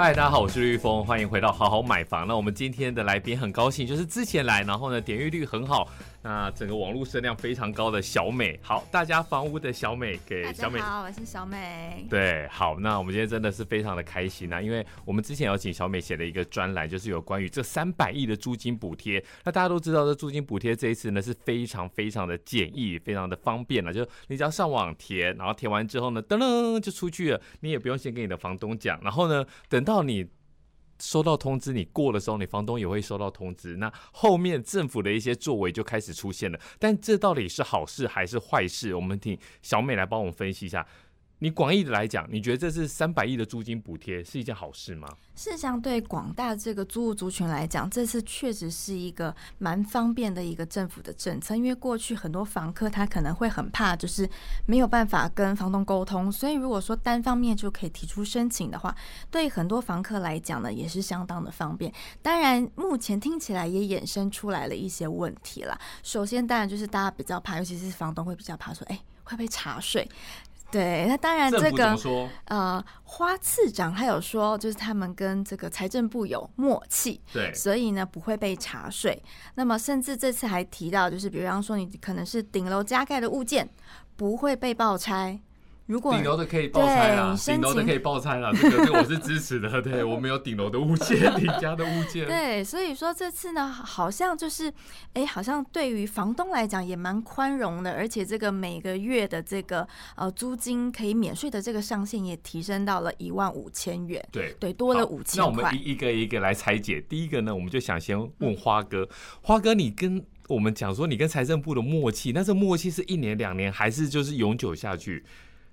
嗨，Hi，大家好，我是綠風，歡迎回到好好買房。那我們今天的來賓很高興，就是之前來，然後呢，點閱率很好。那整個網絡聲量非常高的小美好，大家房屋的小美給小美好，我是小美。對，好，那我們今天真的是非常的開心吶、啊，因為我們之前有請小美寫的一個專欄，就是有關於這三百億的租金補貼。那大家都知道，這租金補貼這一次呢是非常非常的簡易，非常的方便了、啊，就是你只要上網填，然後填完之後呢，噔噔就出去了，你也不用先跟你的房東講，然後呢，等到你。收到通知，你過的時候，你房東也會收到通知。那後面政府的一些作為就開始出現了，但這到底是好事還是壞事？我們請小美來幫我們分析一下。你廣義的來講，你覺得這是三百億的租金補貼是一件好事嗎？事實上，對廣大這個租屋族群來講，這次確實是一個蠻方便的一個政府的政策。因為過去很多房客他可能會很怕，就是沒有辦法跟房東溝通，所以如果說單方面就可以提出申請的話，對很多房客來講呢，也是相當的方便。當然，目前聽起來也衍生出來了一些問題啦。首先，當然就是大家比較怕，尤其是房東會比較怕說，哎、欸，會被查稅。對，那當然這個呃，花次長他有說，就是他們跟這個財政部有默契，對，所以呢不會被查稅。那麼甚至這次還提到，就是比方說你可能是頂樓加蓋的物件，不會被爆拆。頂樓的可以報拆了，頂樓的可以報拆了，這個我是支持的。對我們有頂樓的物件，頂家的物件。對，所以說這次呢，好像就是，哎，好像對於房東來講也蠻寬容的，而且這個每個月的這個呃租金可以免稅的這個上限也提升到了一萬五千元。對，對，多了五千。那我們一一個一個來拆解。第一個呢，我們就想先問花哥，花哥，你跟我們講說，你跟財政部的默契，那這默契是一年兩年，還是就是永久下去？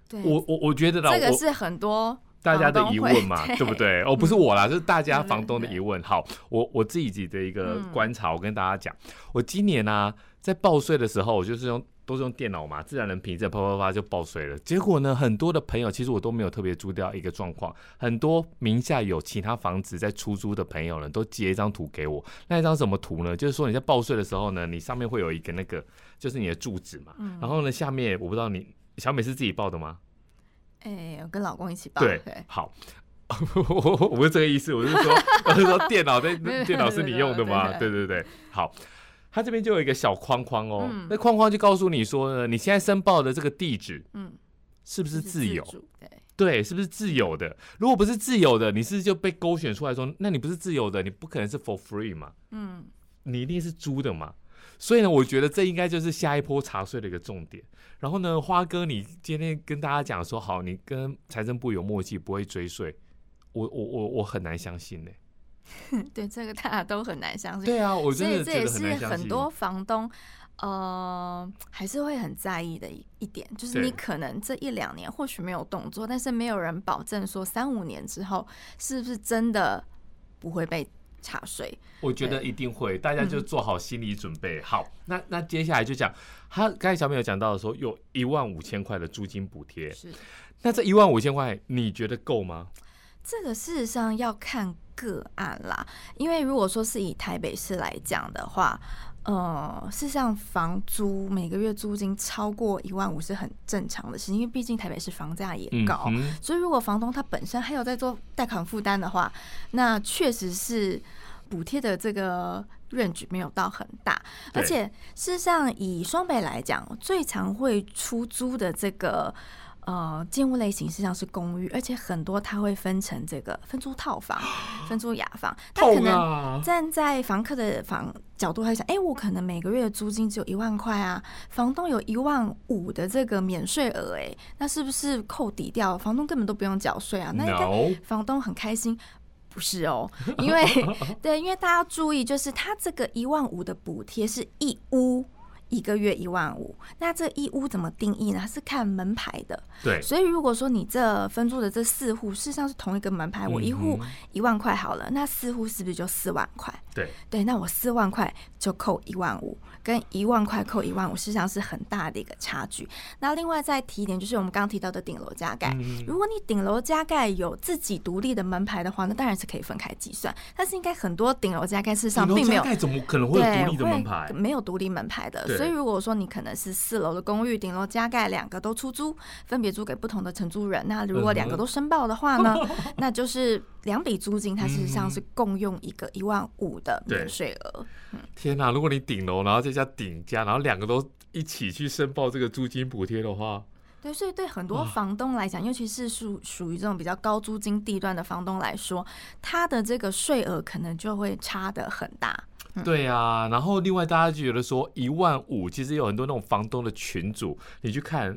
對我我我覺得呢，這個是很多大家的疑問嘛，對，對，對不對？哦，不是我啦，嗯、就是大家房東的疑問。對對對，好，我我自己，自己的一個觀察，嗯、我跟大家講，我今年呢，啊，在報稅的時候，我就是用都是用電腦嘛，自然人憑證啪，啪啪啪就報稅了。結果呢，很多的朋友其實我都沒有特別注意到一個狀況，很多名下有其他房子在出租的朋友呢，都截一張圖給我。那一張什麼圖呢？就是說你在報稅的時候呢，你上面會有一個那個，就是你的住址嘛。嗯、然後呢，下面我不知道你。小美是自己報的嗎？哎、欸，我跟老公一起報。對，好， 我不是這個意思，我是說， 我是說電腦在 電腦是你用的嗎？ 對，對對對，好，他這邊就有一個小框框哦，嗯、那框框就告訴你說呢，你現在申報的這個地址，嗯，是不是自有？自對，對，是不是自有的？如果不是自有的，你是，是就被勾選出來說，那你不是自有的，你不可能是 for free 嘛，嗯，你一定是租的嘛。所以呢，我覺得這應該就是下一波查稅的一個重點。然後呢，花哥，你今天跟大家講說好，你跟財政部有默契，不會追稅，我我我我很難相信呢、欸。對，這個大家都很難相信。對啊，我真的覺得這也是很多房東呃還是會很在意的一一點，就是你可能這一兩年對或許沒有動作，但是沒有人保證說三五年之後是不是真的不會被。茶水，我覺得一定會，對大家就做好心理準備、嗯、好。那那接下來就講，他剛才小朋友講到的時候，有一萬五千塊的租金補貼，是。那這一萬五千塊，你覺得夠嗎？這個事實上要看個案啦，因為如果說是以台北市來講的話。呃，事實上，房租每個月租金超過一萬五是很正常的事情，因為畢竟台北市房價也高，嗯、哼所以如果房東他本身還有在做貸款負擔的話，那確實是補貼的這個 range 沒有到很大，對而且事實上以雙北來講，最常會出租的這個。呃，建物類型實際上是公寓，而且很多它會分成這個分租套房、分租雅房。 但可能站在房客的房角度來想，哎、欸，我可能每個月的租金只有一萬塊啊，房東有一萬五的這個免稅額，哎，那是不是扣抵掉？房東根本都不用繳稅啊，那跟房東很開心？不是哦，因為 對，因為大家注意，就是他這個一萬五的補貼是一屋。一個月一萬五，那這一屋怎麼定義呢？是看門牌的。對。所以如果說你這分租的這四戶事實上是同一個門牌，我一戶一萬塊好了，那四戶是不是就四萬塊？對。對，那我四萬塊就扣一萬五，跟一萬塊扣一萬五，事實上是很大的一個差距。那另外再提一點，就是我們剛提到的頂樓加蓋。如果你頂樓加蓋有自己獨立的門牌的話，那當然是可以分開計算。但是應該很多頂樓加蓋事實上並沒有，怎麼可能會有獨立的門牌？沒有獨立門牌的。所以如果說你可能是四樓的公寓，頂樓加蓋兩個都出租，分別租給不同的承租人，那如果兩個都申報的話呢，嗯、哼那就是兩筆租金，它實際上是共用一個一萬五的免稅額、嗯。天哪、啊！如果你頂樓，然後再加頂加，然後兩個都一起去申報這個租金補貼的話，對，所以對很多房東來講，啊、尤其是屬屬於這種比較高租金地段的房東來說，他的這個稅額可能就會差得很大。對呀、啊，然後另外大家就覺得說一萬五，其實有很多那種房東的群組，你去看，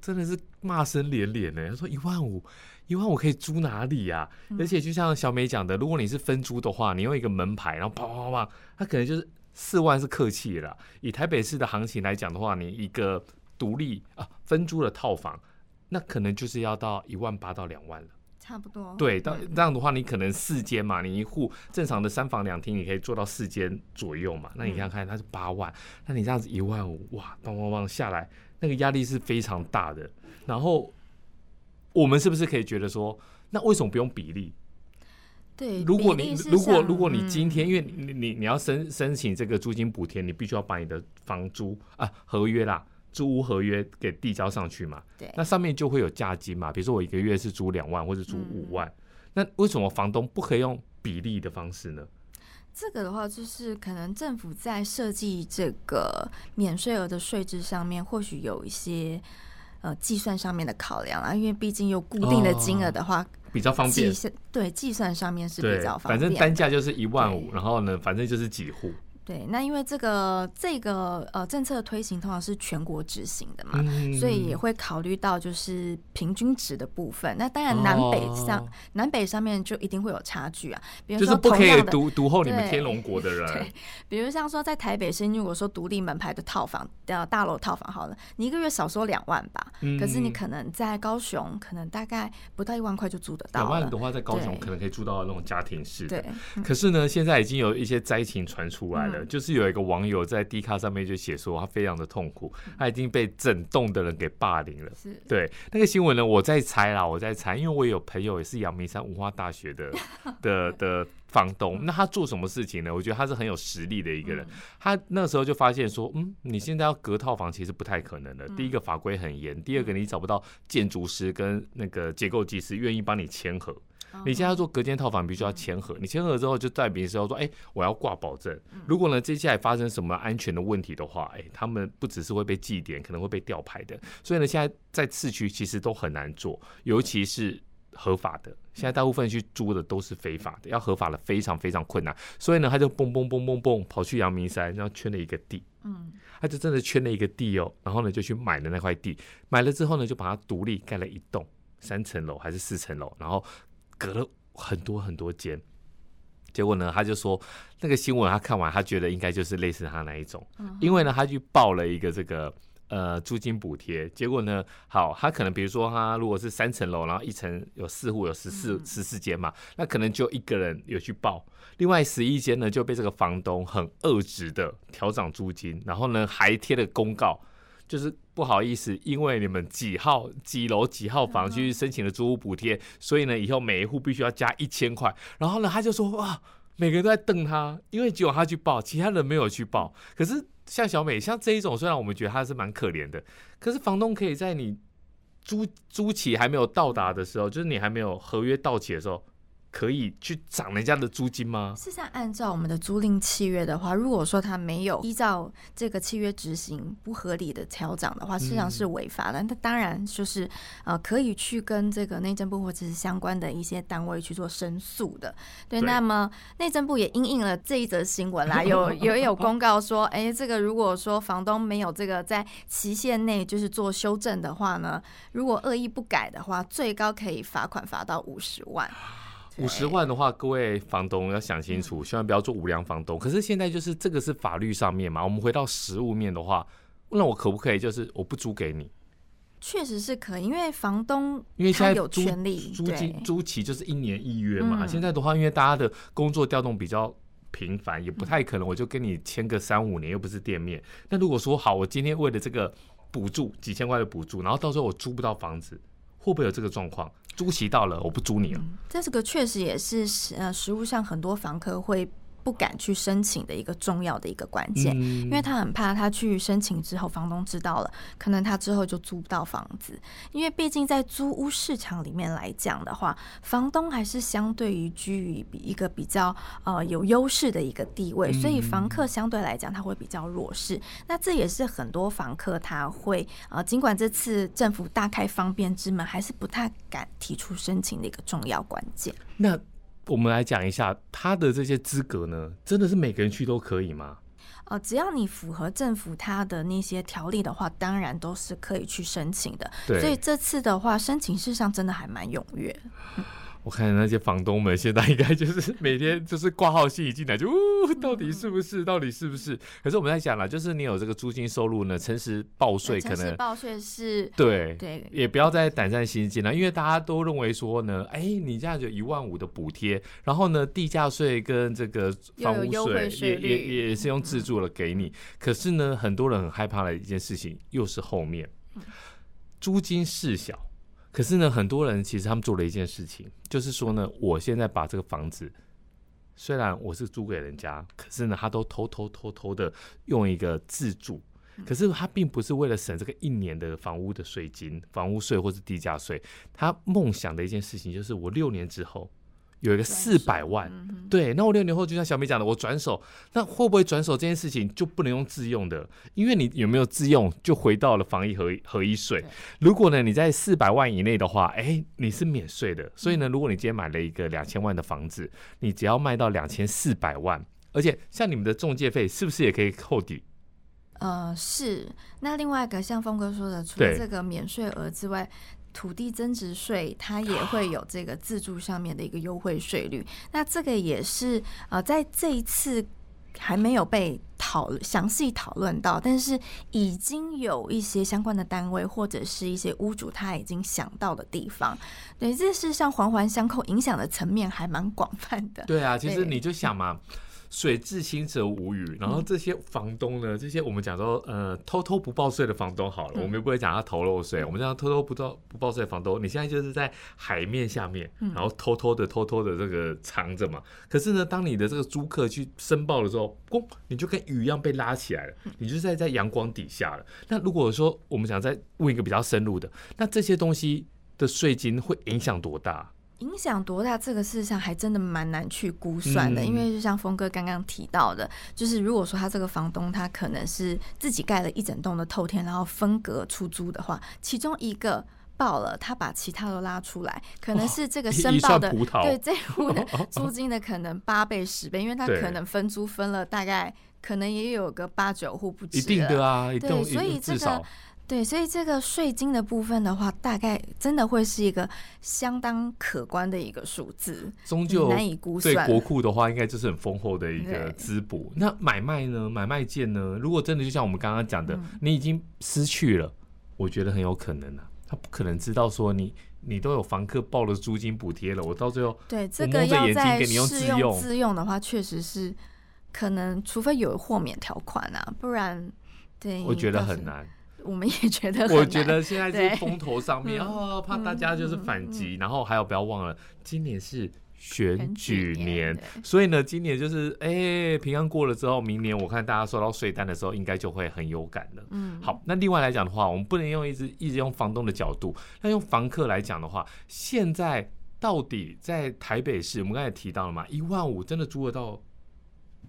真的是罵聲連連呢。他說一萬五，一萬五可以租哪裡啊？嗯、而且就像小美講的，如果你是分租的話，你用一個門牌，然後啪啪啪啪，它可能就是四萬是客氣了。以台北市的行情來講的話，你一個獨立啊分租的套房，那可能就是要到一萬八到兩萬了。差不多對。那這樣的話，你可能四間嘛，你一戶正常的三房兩廳，你可以做到四間左右嘛。那你想看看，它是八萬，嗯、那你這樣子一萬五，哇，砰砰砰下來，那個壓力是非常大的。然後我們是不是可以覺得說，那為什麼不用比例？對。如果你如果你如果你今天，嗯、因為你你你要申申請這個租金補貼，你必須要把你的房租啊合約啦。租屋合約給遞交上去嘛。對，那上面就會有價金嘛。比如說我一個月是租兩萬或者租五萬，嗯、那為什麼房東不可以用比例的方式呢？這個的話，就是可能政府在設計這個免稅額的稅制上面，或許有一些呃計算上面的考量啊。因為畢竟有固定的金額的話、哦，比較方便。算，對，計算上面是比較方便的。反正單價就是一萬五對，然後呢，反正就是幾戶。對，那因為這個這個呃政策的推行通常是全國執行的嘛，嗯、所以也會考慮到就是平均值的部分。嗯、那當然南北上、哦、南北上面就一定會有差距啊，比如說就是不可以獨厚你們天龍國的人對。對，比如像說在台北，是因為我說獨立門牌的套房呃大樓套房好了，你一個月少說兩萬吧，嗯、可是你可能在高雄，可能大概不到一萬塊就租得到。兩萬的話，在高雄可能可以住到那種家庭式。對，可是呢，嗯、現在已經有一些災情傳出來了。嗯就是有一個網友在 d 卡上面就寫說，他非常的痛苦，嗯、他已經被整棟的人給霸凌了。是對那個新聞呢，我在猜啦，我在猜，因為我有朋友也是陽明山文化大學的的的房東，嗯、那他做什麼事情呢？我覺得他是很有實力的一個人。嗯、他那時候就發現說，嗯，你現在要隔套房其實不太可能的，嗯、第一個法規很嚴，第二個你找不到建築師跟那個結構技師願意幫你簽合。你現在做隔間套房必須要簽合，你簽合之後就代表說，哎、欸，我要掛保證。如果呢接下來發生什麼安全的問題的話，哎、欸，他們不只是會被記點，可能會被吊牌的。所以呢，現在在次區其實都很難做，尤其是合法的。現在大部分去租的都是非法的，要合法的非常非常困難。所以呢，他就蹦蹦蹦蹦蹦跑去陽明山，然後圈了一個地，嗯，他就真的圈了一個地哦，然後呢就去買了那塊地，買了之後呢就把它獨立蓋了一棟三層樓還是四層樓，然後。隔了很多很多間，結果呢，他就說那個新聞他看完，他覺得應該就是類似他那一種，因為呢，他去報了一個這個呃租金補貼，結果呢，好，他可能比如說他如果是三層樓，然後一層有四戶，有十四十四間嘛，嗯、那可能就一個人有去報，另外十一間呢就被這個房東很惡質的調漲租金，然後呢還貼了公告。就是不好意思，因為你們幾號幾樓幾號房去申請了租屋補貼，是嗎？所以呢，以後每一戶必須要加一千塊。然後呢，他就說哇，每個人都在瞪他，因為只有他去報，其他人沒有去報。可是像小美，像這一種，雖然我們覺得他是蠻可憐的，可是房東可以在你租租期還沒有到達的時候，就是你還沒有合約到期的時候。可以去漲人家的租金嗎？事實上，按照我們的租賃契約的話，如果說他沒有依照這個契約執行不合理的調漲的話，事實上是違法的。那當然就是，呃，可以去跟這個內政部或者是相關的一些單位去做申訴的。對。對那麼內政部也因應了這一則新聞啦，有也有公告說，哎、 欸，這個如果說房東沒有這個在期限內就是做修正的話呢，如果惡意不改的話，最高可以罰款罰到五十萬。五十萬的話，各位房東要想清楚，千萬不要做無良房東。可是現在就是這個是法律上面嘛，我們回到實務面的話，那我可不可以就是我不租給你？確實是可以，因為房東因為現在有權利，租金租期就是一年一約嘛。現在的話，因為大家的工作調動比較頻繁，也不太可能，我就跟你簽個三五年，又不是店面。那如果說好，我今天為了這個補助幾千塊的補助，然後到時候我租不到房子，會不會有這個狀況？租期到了，我不租你了。嗯，這是個確實也是，呃，實務上很多房客會。不敢去申請的一個重要的一個關鍵，嗯、因為他很怕他去申請之後，房東知道了，可能他之後就租不到房子。因為畢竟在租屋市場裡面來講的話，房東還是相對於居於一個比較呃有優勢的一個地位，所以房客相對來講他會比較弱勢。嗯、那這也是很多房客他會啊，呃、儘管這次政府大開方便之門，還是不太敢提出申請的一個重要關鍵。那。我們來講一下他的這些資格呢，真的是每個人去都可以嗎？呃，只要你符合政府他的那些條例的話，當然都是可以去申請的。對所以這次的話，申請事項真的還蠻踴躍。嗯我看那些房東們現在應該就是每天就是掛號信一進來就，到底是不是？到底是不是？可是我們在講了，就是你有這個租金收入呢，誠實報稅可能。誠實報稅是。對對，對對。也不要再膽戰心驚了，因為大家都認為說呢，哎、欸，你這樣就一萬五的補貼，然後呢地價稅跟這個房屋稅也也也是用自住的給你，嗯、可是呢很多人很害怕的一件事情又是後面，嗯、租金事小。可是呢，很多人其實他們做了一件事情，就是說呢，我現在把這個房子，雖然我是租給人家，可是呢，他都偷偷偷偷的用一個自住，可是他並不是為了省這個一年的房屋的稅金、房屋稅或是地價稅，他夢想的一件事情就是我六年之後。有一個四百萬，嗯、對，那我六年後就像小美講的，我轉手，那會不會轉手這件事情就不能用自用的，因為你有沒有自用就回到了房地合一、合一稅。對如果呢你在四百萬以內的話，哎、欸，你是免稅的。嗯、所以呢，如果你今天買了一個兩千萬的房子，你只要賣到兩千四百萬，嗯、而且像你們的仲介費是不是也可以扣抵？呃，是。那另外一個像峰哥說的，除了這個免稅額之外。土地增值稅，它也會有這個自住上面的一個優惠稅率。那這個也是呃，在這一次還沒有被討詳細討論到，但是已經有一些相關的單位或者是一些屋主他已經想到的地方。對，這是像環環相扣，影響的層面還蠻廣泛的。對啊，其實你就想嘛。水至清則無魚，然後這些房東呢，這些我們講說，呃，偷偷不報稅的房東好了，我們也不會講他偷漏稅，嗯、我們講他偷偷不到不報稅的房東，你現在就是在海面下面，然後偷偷的偷偷的這個藏着嘛。可是呢，當你的這個租客去申報的時候，咣，你就跟魚一樣被拉起來了，你就是在在陽光底下了。那如果說我們想再問一個比較深入的，那這些東西的稅金會影響多大？影響多大？這個事實上還真的蠻難去估算的，嗯、因為就像峰哥剛剛提到的，就是如果說他這個房東他可能是自己蓋了一整棟的透天，然後分隔出租的話，其中一個爆了，他把其他都拉出來，可能是這個申報的、哦、對這戶的租金的可能八倍十倍，哦哦、因為他可能分租分了大概可能也有個八九戶不止。一定的啊，一定的對，所以這個。對，所以這個稅金的部分的話，大概真的會是一個相當可觀的一個數字，終究難以估算。對國庫的話，應該就是很豐厚的一個滋補。對那買賣呢？買賣件呢？如果真的就像我們剛剛講的，嗯、你已經失去了，我覺得很有可能啊，他不可能知道說你你都有房客報了租金補貼了，我到最後眼睛給你用用對這個用在自用自用的話，確實是可能，除非有豁免條款啊，不然對，我覺得很難。就是我們也覺得，我覺得現在是風頭上面對哦，怕大家就是反擊，嗯嗯嗯、然後還有不要忘了，今年是選舉年，年所以呢，今年就是哎，平安過了之後，明年我看大家收到稅單的時候，應該就會很有感了。嗯，好，那另外來講的話，我們不能用一直一直用房東的角度，那用房客來講的話，現在到底在台北市，我們剛才提到了嘛，一萬五真的租得到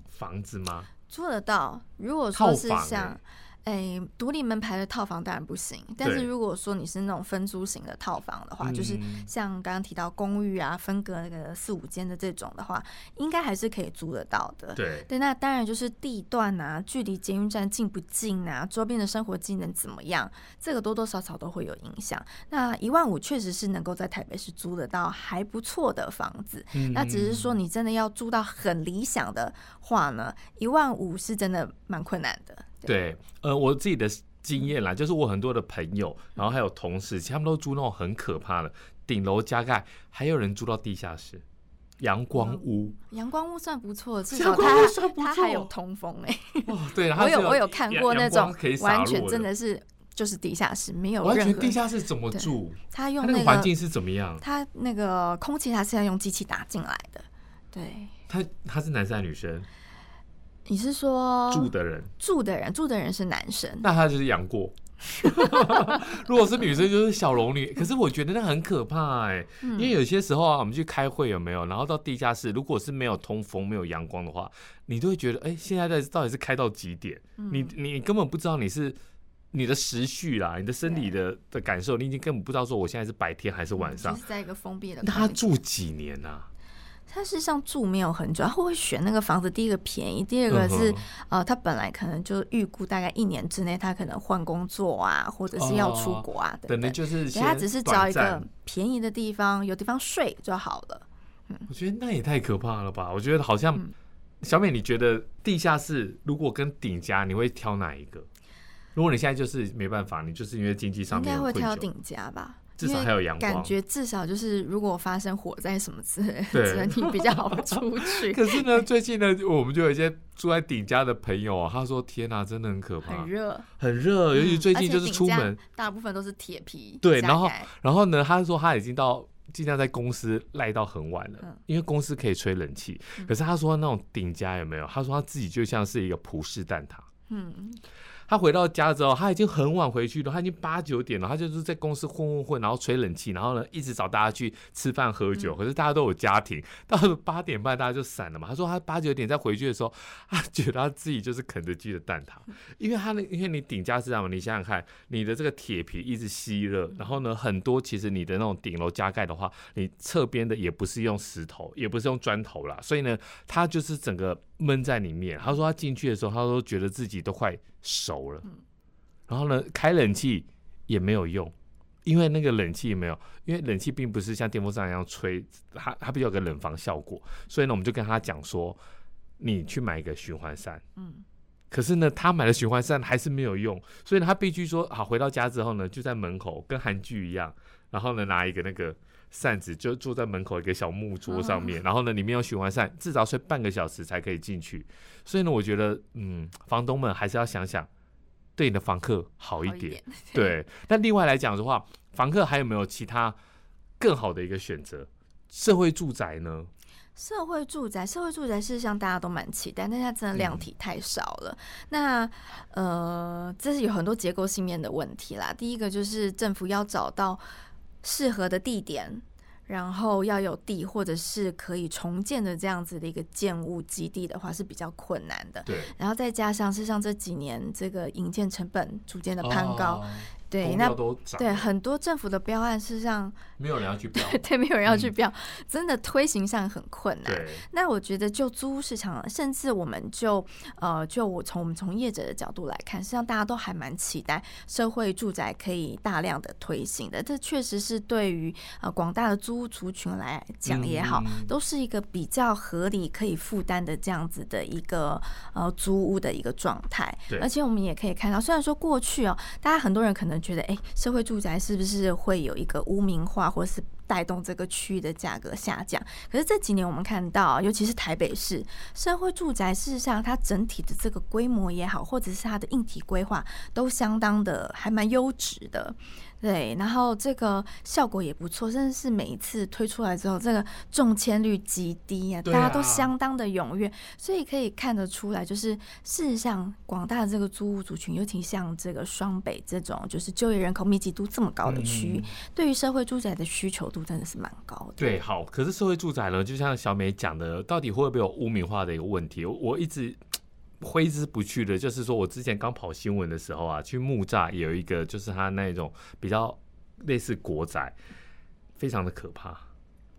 房子嗎？租得到，如果說是像。哎，獨立門牌的套房當然不行，但是如果說你是那種分租型的套房的話，對就是像剛剛提到公寓啊，分隔那個四五間的這種的話，應該還是可以租得到的。對、對，那當然就是地段啊，距離捷運站近不近啊，周邊的生活機能怎麼樣，這個多多少少都會有影響。那一萬五確實是能夠在台北市租得到還不錯的房子，嗯、那只是說你真的要租到很理想的話呢，一萬五是真的蠻困難的。對，對，呃，我自己的經驗啦，嗯、就是我很多的朋友，嗯、然後還有同事，其實他們都租那種很可怕的頂樓加蓋，還有人住到地下室，陽光屋，嗯。陽光屋算不錯，至少它它、它還有通風哎、欸哦。對，有我有我有看過那種完全真的是就是地下室沒有任何，完全地下室怎麼住？他用那個環境是怎麼樣？他那個空氣，他是要用機器打進來的。對。他它、它是男生還是女生？你是說住的人？住的人，住的人，住的人是男生，那他就是楊過。 如果是女生，就是小龍女。 可是我覺得那很可怕哎、欸，嗯、因為有些時候啊，我們去開會有沒有？然後到地下室，如果是沒有通風、沒有陽光的話，你都會覺得哎、欸，現在到底是開到幾點？嗯、你你根本不知道你是你的時序啦，你的生理的對的感受，你已經根本不知道說我現在是白天還是晚上。嗯、就是、在一個封閉的，那他住幾年呢？啊？他事實上住沒有很久，他會選那個房子，第一個便宜，第二個是，嗯、哼呃，他本來可能就預估大概一年之內，他可能換工作啊，或者是要出國啊，哦、等等，就是他只是找一個便宜的地方，有地方睡就好了。嗯、我覺得那也太可怕了吧？我覺得好像小美，你覺得地下室如果跟頂家，你會挑哪一個？如果你現在就是沒辦法，你就是因為經濟上面應該會挑頂家吧。至少還有陽光，感覺至少就是如果發生火災什麼之類，只能你比較好出去。可是呢，最近呢，我們就有一些住在頂家的朋友，他說：“天哪，真的很可怕，很熱，很熱。”尤其最近就是出門，大部分都是鐵皮。對，然後，然後呢，他說他已經到儘量在公司賴到很晚了，因為公司可以吹冷氣。可是他說那種頂家有沒有？他說他自己就像是一個葡式蛋撻。嗯。他回到家之後，他已經很晚回去了，他已經八九點了。他就是在公司混混混，然後吹冷氣，然後呢一直找大家去吃飯喝酒。可是大家都有家庭，到了八點半大家就散了嘛。他說他八九點再回去的時候，他覺得他自己就是肯德基的蛋撻，因為他那因為你頂加是這樣嘛，你想想看，你的這個鐵皮一直吸熱，然後呢很多其實你的那種頂樓加蓋的話，你側邊的也不是用石頭，也不是用磚頭啦。所以呢它就是整個。悶在裡面，他說他進去的時候，他都覺得自己都快熟了。然後呢，開冷氣也沒有用，因為那個冷氣也沒有，因為冷氣並不是像電風扇一樣吹，它它比較有個冷房效果。所以呢，我們就跟他講說，你去買一個循環扇。嗯。可是呢，他買了循環扇還是沒有用，所以他必須說好，回到家之後呢，就在門口跟韓劇一樣，然後呢，拿一個那個。扇子就坐在門口一個小木桌上面，嗯、然後呢，裡面有循環扇，至少睡半個小時才可以進去。所以呢，我覺得，嗯，房東們還是要想想，對你的房客好一點。一點，對，對，但另外來講的話，房客還有沒有其他更好的一個選擇？社會住宅呢？社會住宅，社會住宅事實上大家都蠻期待，但它真的量體太少了。嗯、那呃，這是有很多結構性面的問題啦。第一個就是政府要找到。適合的地點，然後要有地或者是可以重建的這樣子的一個建物基地的話是比較困難的。對然後再加上事實上這幾年這個營建成本逐漸的攀高。Oh. 對，那對很多政府的標案事實上沒有人要去標，對，沒有人要去標，去標，嗯、真的推行上很困難。對，那我覺得就租屋市場，甚至我們就呃，就我從我們從業者的角度來看，實際上大家都還蠻期待社會住宅可以大量的推行的。這確實是對於呃廣大的租屋族群來講也好，嗯、都是一個比較合理可以負擔的這樣子的一個呃租屋的一個狀態。對，而且我們也可以看到，雖然說過去哦，大家很多人可能。覺得哎、欸，社會住宅是不是會有一個污名化，或是帶動這個區域的價格下降。可是這幾年我們看到，啊，尤其是台北市社會住宅，事實上它整體的這個規模也好，或者是它的硬體規劃都相當的還蠻優質的，對。然後這個效果也不錯，甚至是每一次推出來之後，這個中籤率極低啊，大家都相當的踴躍。所以可以看得出來，就是事實上廣大的這個租屋族群，尤其像這個雙北這種就是就業人口密集度這麼高的區域，對於社會住宅的需求度，真的是蠻高的。對，好。可是社會住宅呢，就像小美講的，到底會不會有污名化的一個問題？我，我一直揮之不去的，就是說我之前剛跑新聞的時候啊，去木柵有一個，就是他那種比較類似國宅，非常的可怕。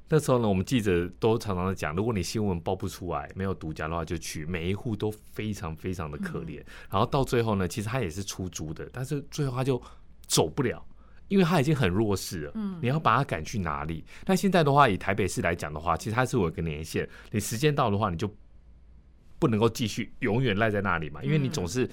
那時候呢，我們記者都常常的講，如果你新聞報不出來，沒有獨家的話就，就去每一戶都非常非常的可憐。嗯。然後到最後呢，其實他也是出租的，但是最後他就走不了。因為他已經很弱勢了，你要把他趕去哪裡？嗯，那現在的話，以台北市來講的話，其實他是有一個年限，你時間到的話，你就不能夠繼續永遠賴在那裡嘛，因為你總是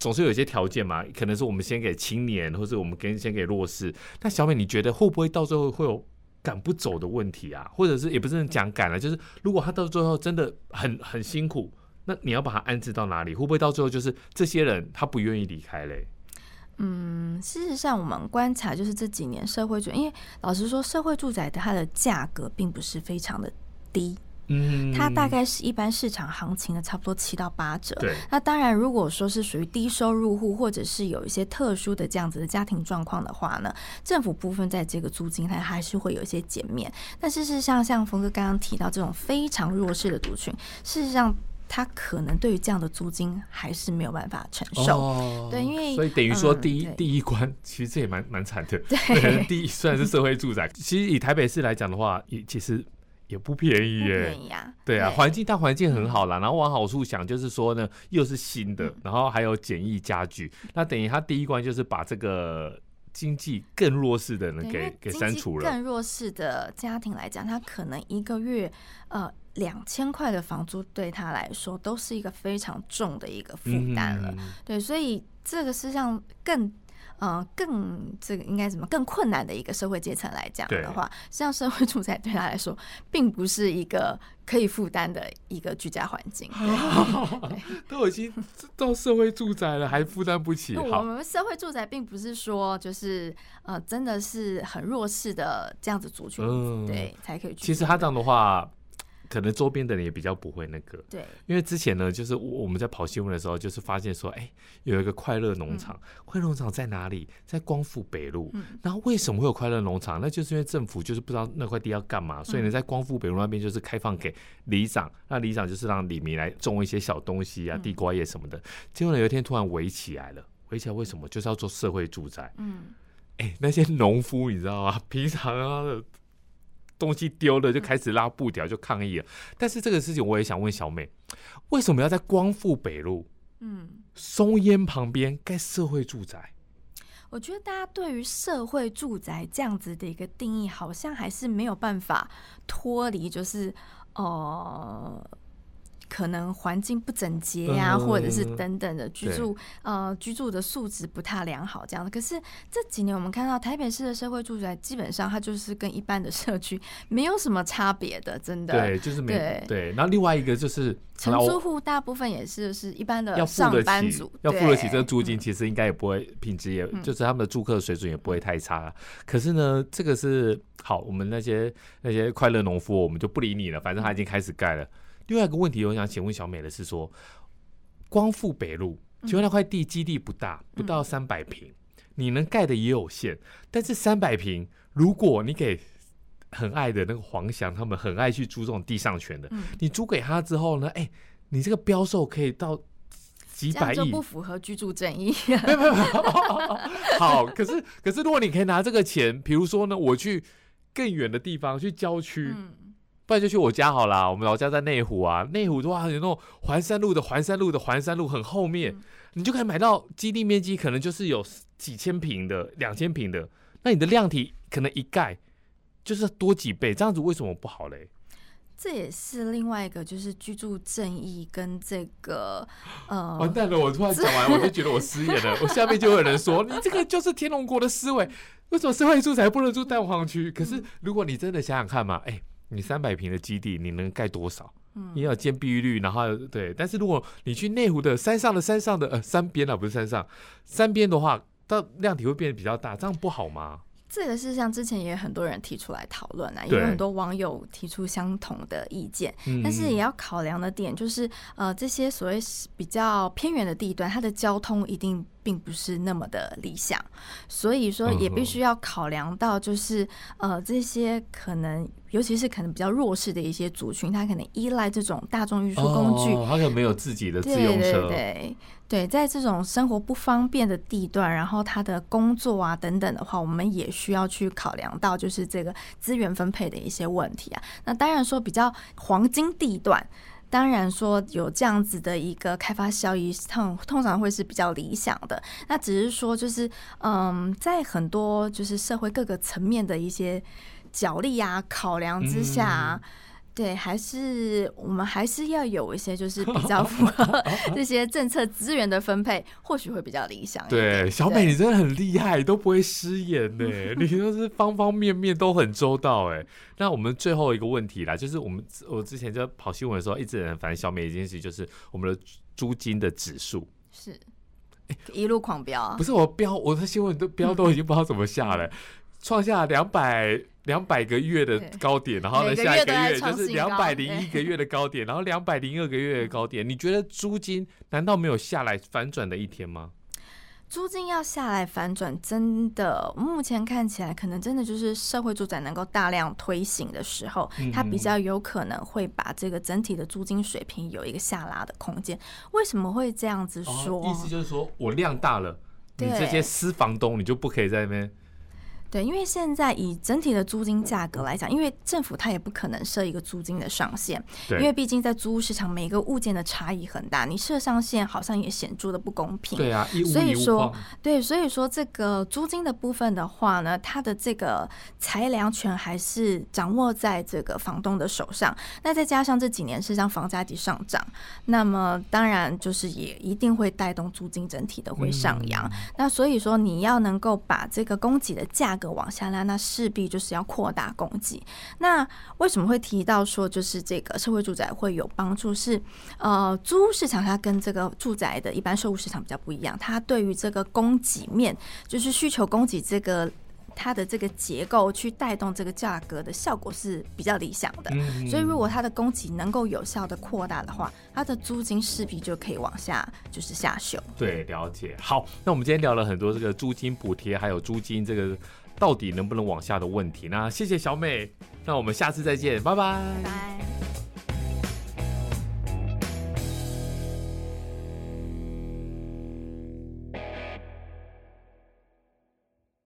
總是有一些條件嘛，可能是我們先給青年，或者我們跟先給弱勢。那小美，你覺得會不會到最後會有趕不走的問題啊？或者是也不是講趕了，就是如果他到最後真的很很辛苦，那你要把他安置到哪裡？會不會到最後就是這些人他不願意離開嘞？嗯，事實上，我們觀察就是這幾年社會住宅，因為老實說，社會住宅的它的價格並不是非常的低，嗯，它大概是一般市場行情的差不多七到八折。對，那當然，如果說是屬於低收入戶，或者是有一些特殊的這樣子的家庭狀況的話呢，政府部分在這個租金它還是會有一些減免。但事實上，像峰哥剛剛提到這種非常弱勢的族群，事實上。他可能對於這樣的租金還是沒有辦法承受，哦、對，因為所以等於說第一、嗯、第一關其實這也蠻蠻慘的，對、嗯，第一雖然是社會住宅， 其實以台北市來講的話，也其實也不便宜耶，不便宜啊對啊，對環境大，環境很好啦，然後往好處想就是說呢，又是新的，然後還有簡易家具，嗯、那等於他第一關就是把這個。經濟更弱勢的人給給刪除了。更弱勢的家庭來講，他可能一個月呃兩千塊的房租對他來說都是一個非常重的一個負擔了。嗯哼嗯哼，對，所以這個事項更。嗯、呃，更這個應該怎麼更困難的一個社會階層來講的話，對像社會住宅對他來說，並不是一個可以負擔的一個居家環境。都已經到社會住宅了， 還負擔不起。我們社會住宅並不是說就是呃，真的是很弱勢的這樣子族群，嗯、對才可以去。其實他這樣的話。可能周邊的人也比較不會那個，對，因為之前呢，就是我們在跑新聞的時候，就是發現說，哎、欸，有一個快樂農場，嗯、快樂農場在哪裡？在光復北路。嗯、然後為什麼會有快樂農場？那就是因為政府就是不知道那塊地要幹嘛，嗯、所以呢，在光復北路那邊就是開放給里長，嗯、那里長就是讓里民來種一些小東西啊，嗯、地瓜葉什麼的。結果呢，有一天突然圍起來了，圍起來為什麼？就是要做社會住宅。嗯，哎、欸，那些農夫你知道嗎？平常的。東西丟了就開始拉布條就抗議了，但是這個事情我也想問小妹，為什麼要在光復北路，嗯，松菸旁邊蓋社會住宅，嗯？我覺得大家對於社會住宅這樣子的一個定義，好像還是沒有辦法脫離，就是哦。呃可能環境不整潔呀，啊，嗯、或者是等等的居住，對呃，居住的素質不太良好，這樣的。可是這幾年我們看到台北市的社會住宅，基本上它就是跟一般的社區沒有什麼差別的，真的。對，就是沒對，對。然後另外一個就是，承租戶大部分也是是一般的上班族，要付，對要付得起這個租金，其實應該也不會品質也，品質也就是他們的住客水準也不會太差，嗯、可是呢，這個是好，我們那些那些快樂農夫，我們就不理你了，反正他已經開始蓋了。另外一個問題，我想請問小美的是說，光復北路，其實那塊地基地不大，嗯、不到三百坪，嗯、你能蓋的也有限。但是三百坪，如果你給很愛的那個黃翔他們很愛去租這種地上權的，嗯、你租給他之後呢，哎、欸，你這個標售可以到幾百億，這不符合居住正義、啊 哦。沒、哦、好，可是可是如果你可以拿這個錢，比如說呢，我去更遠的地方，去郊區。嗯那就去我家好了、啊。我們老家在內湖啊，內湖的話有那種環山路的、環山路的、環山路，很後面，嗯、你就可以買到基地面積可能就是有幾千坪的、兩千坪的。那你的量體可能一蓋就是多幾倍，這樣子為什麼不好嘞？這也是另外一個就是居住正義跟這個呃……完蛋了！我突然講完，我就覺得我失言了。 我下面就有人說：“你這個就是天龍國的思維，為什麼社會住宅不能住蛋黃區？”可是如果你真的想想看嘛，哎、欸。你三百坪的基地，你能蓋多少？嗯，你要建蔽率，然後對，但是如果你去內湖的山上的山上的呃山邊啊，不是山上山邊的話，它量體會變得比較大，這樣不好嗎？這個是像之前也有很多人提出來討論啊，也對有很多網友提出相同的意見，嗯、但是也要考量的點就是，呃，這些所謂比較偏遠的地段，它的交通一定。並不是那麼的理想，所以說也必須要考量到，就是、嗯、哼呃這些可能，尤其是可能比較弱勢的一些族群，他可能依賴這種大眾運輸工具，哦哦哦他可能沒有自己的自用車。對對對，對，在這種生活不方便的地段，然後他的工作啊等等的話，我們也需要去考量到，就是這個資源分配的一些問題啊。那當然說比較黃金地段。當然說有這樣子的一個開發效益，通通常會是比較理想的。那只是說，就是嗯，在很多就是社會各個層面的一些角力啊、考量之下，啊。嗯對，還是我們還是要有一些，就是比較符合這些政策資源的分配， 或許會比較理想。對，小美對你真的很厲害，你都不會失言呢，嗯、你都是方方面面都很周到哎。 那我們最後一個問題啦，就是我們我之前在跑新聞的時候一直很煩小美一件事，就是我們的租金的指數是、欸、一路狂飆、啊，不是我飆，我的新聞都飆都已經不知道怎麼下了，創 下兩百。兩百個月的高點，然後呢，下一個月就是兩百零一個月的高點，然後兩百零二個月的高點。你覺得租金難道沒有下來反轉的一天嗎？租金要下來反轉，真的，目前看起來可能真的就是社會住宅能夠大量推行的時候，它比較有可能會把這個整體的租金水平有一個下拉的空間。為什麼會這樣子說？哦，意思就是說我量大了，你這些私房東，你就不可以在那邊。對，因為現在以整體的租金價格來講，因為政府它也不可能設一個租金的上限，對因為畢竟在租屋市場每個物件的差異很大，你設上限好像也顯著的不公平。對啊，無以無所以說對，所以說這個租金的部分的話呢，它的這個裁量權還是掌握在這個房東的手上。那再加上這幾年是讓房價底上漲，那麼當然就是也一定會帶動租金整體的會上揚。嗯嗯嗯那所以說你要能夠把這個供給的價格。個往下拉，那勢必就是要擴大供給。那為什麼會提到說就是這個社會住宅會有幫助是？是呃，租市場它跟這個住宅的一般售屋市場比較不一樣，它對於這個供給面，就是需求供給這個它的這個結構去帶動這個價格的效果是比較理想的。嗯，所以如果它的供給能夠有效的擴大的話，它的租金勢必就可以往下就是下修。對，了解。好，那我們今天聊了很多這個租金補貼，還有租金這個。到底能不能往下的問題呢？那謝謝小美，那我們下次再見，拜拜，拜拜。